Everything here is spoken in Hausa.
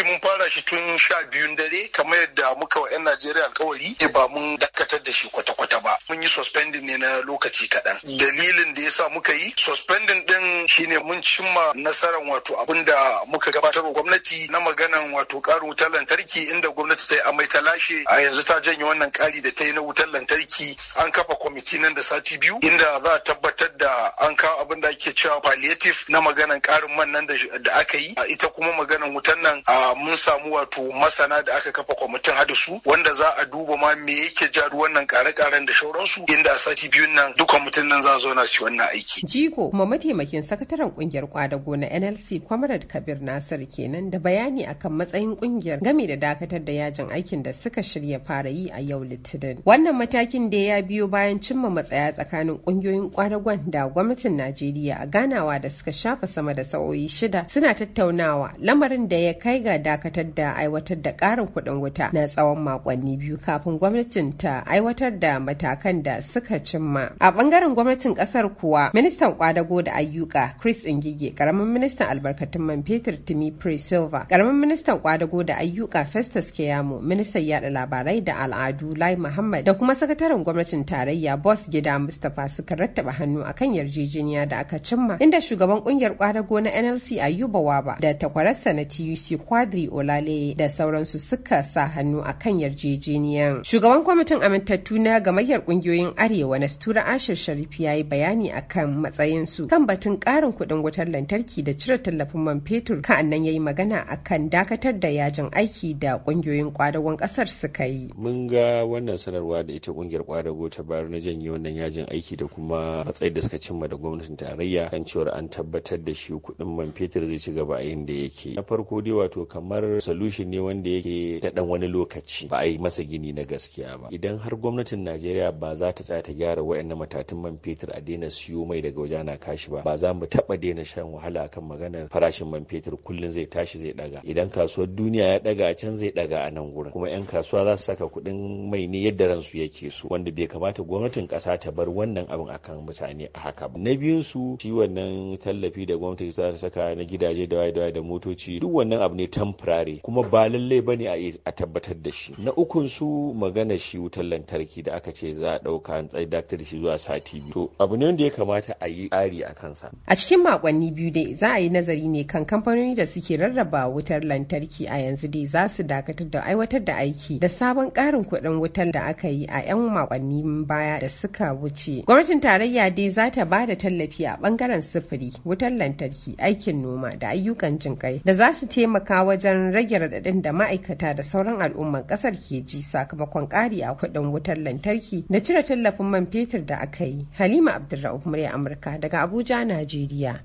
aiki mun fara shi tun sha biyun dare kamar yadda muka wa 'yan Najeriya alkawari eh, ba mun dakatar da shi kwata-kwata ba. Mun yi suspending ne na lokaci kaɗan. Mm. Dalilin da ya sa muka yi suspending din shine mun cimma nasarar wato abin da muka gabatar wa gwamnati na maganan wato ƙarin wutar lantarki inda gwamnati ta yi amai ta lashe a yanzu ta janye wannan ƙari da ta yi na wutar lantarki an kafa kwamiti nan da sati biyu inda za a tabbatar da an abin da ake cewa palliative na maganan karin man nan da aka yi ita kuma maganan wutan nan mun samu wato masana da aka kafa kwamitin hada su wanda za a duba ma me yake ja wannan kare-karen da sauransu inda a sati biyun nan duk kwamitin nan za zo na wannan aiki. Jiko kuma mataimakin sakataren kungiyar kwadago na NLC Comrade Kabir Nasir kenan da bayani akan matsayin kungiyar game da dakatar da yajin aikin da suka shirya fara yi a yau Litinin. Wannan matakin da ya biyo bayan cimma matsaya tsakanin kungiyoyin kwadagon da gwamnatin Najeriya Najeriya a ganawa da suka shafa sama da sa'o'i shida suna tattaunawa lamarin da ya kai ga dakatar da aiwatar da ƙarin kuɗin wuta na tsawon makonni biyu kafin gwamnatin ta aiwatar da matakan da suka cimma. A ɓangaren gwamnatin ƙasar kuwa ministan kwadago da ayyuka Chris Ingige, ƙaramin ministan albarkatun man Peter Timi Pre ƙaramin ministan kwadago da ayyuka Festus Keyamo, ministan yada labarai da al'adu Lai Muhammad da kuma sakataren gwamnatin tarayya Boss Gida Mustapha suka rattaba hannu akan yarjejeniya da aka cimma inda shugaban kungiyar kwadago na NLC Ayuba Waba da takwararsa na TUC Quadri Olale da sauransu suka sa hannu a kan yarjejeniyar. Shugaban kwamitin amintattu na gamayyar kungiyoyin Arewa na Stura Ashir Sharif ya yi bayani a akan matsayinsu kan batun karin kuɗin wutar lantarki da cire tallafin man fetur ka nan ya yi magana akan dakatar da yajin aiki da kungiyoyin kwadagon ƙasar suka yi. Mun ga wannan sanarwa da ita kungiyar kwadago ta bayar na janye wannan yajin aiki da kuma matsayin da suka cimma da gwamnatin tarayya kan cewar an tabbatar da shi kuɗin man fetur zai ci gaba a da yake na farko dai wato kamar solution ne wanda yake da dan wani lokaci ba a yi masa gini na gaskiya ba idan har gwamnatin najeriya ba za ta tsaya ta gyara waɗannan matatun man fetur a daina siyo mai daga waje ana kashi ba ba za mu taɓa daina shan wahala akan maganar farashin man fetur kullum zai tashi zai daga idan kasuwar duniya ya daga can zai daga a nan gurin kuma 'yan kasuwa za su saka kuɗin mai ne yadda ransu yake so wanda bai kamata gwamnatin ƙasa ta bar wannan abin akan mutane a haka ba na biyu su shi wannan tallafi da gwamnati ta saka na gidaje da waye da motoci duk wannan abu ne temporary kuma ba lalle bane a a tabbatar da shi na ukun su magana shi wutar lantarki da aka ce za a dauka an tsaye daktar shi zuwa sati biyu to abu ne wanda ya kamata a yi tsari a kansa a cikin makonni biyu dai za a yi nazari ne kan kamfanoni da suke rarraba wutar lantarki a yanzu dai za su dakatar da aiwatar da aiki da sabon karin kuɗin wutar da aka yi a 'yan makonni baya da suka wuce gwamnatin tarayya dai za ta ba da tallafi tafiya a bangaren sufuri wutar lantarki aikin noma da ayyukan jinƙai da za su taimaka wajen rage raɗaɗin da ma'aikata da sauran al'umman ƙasar ke ji sakamakon ƙari a kuɗin wutar lantarki da cire tallafin man fetur da aka yi halima abdulra'uf murya amurka daga abuja najeriya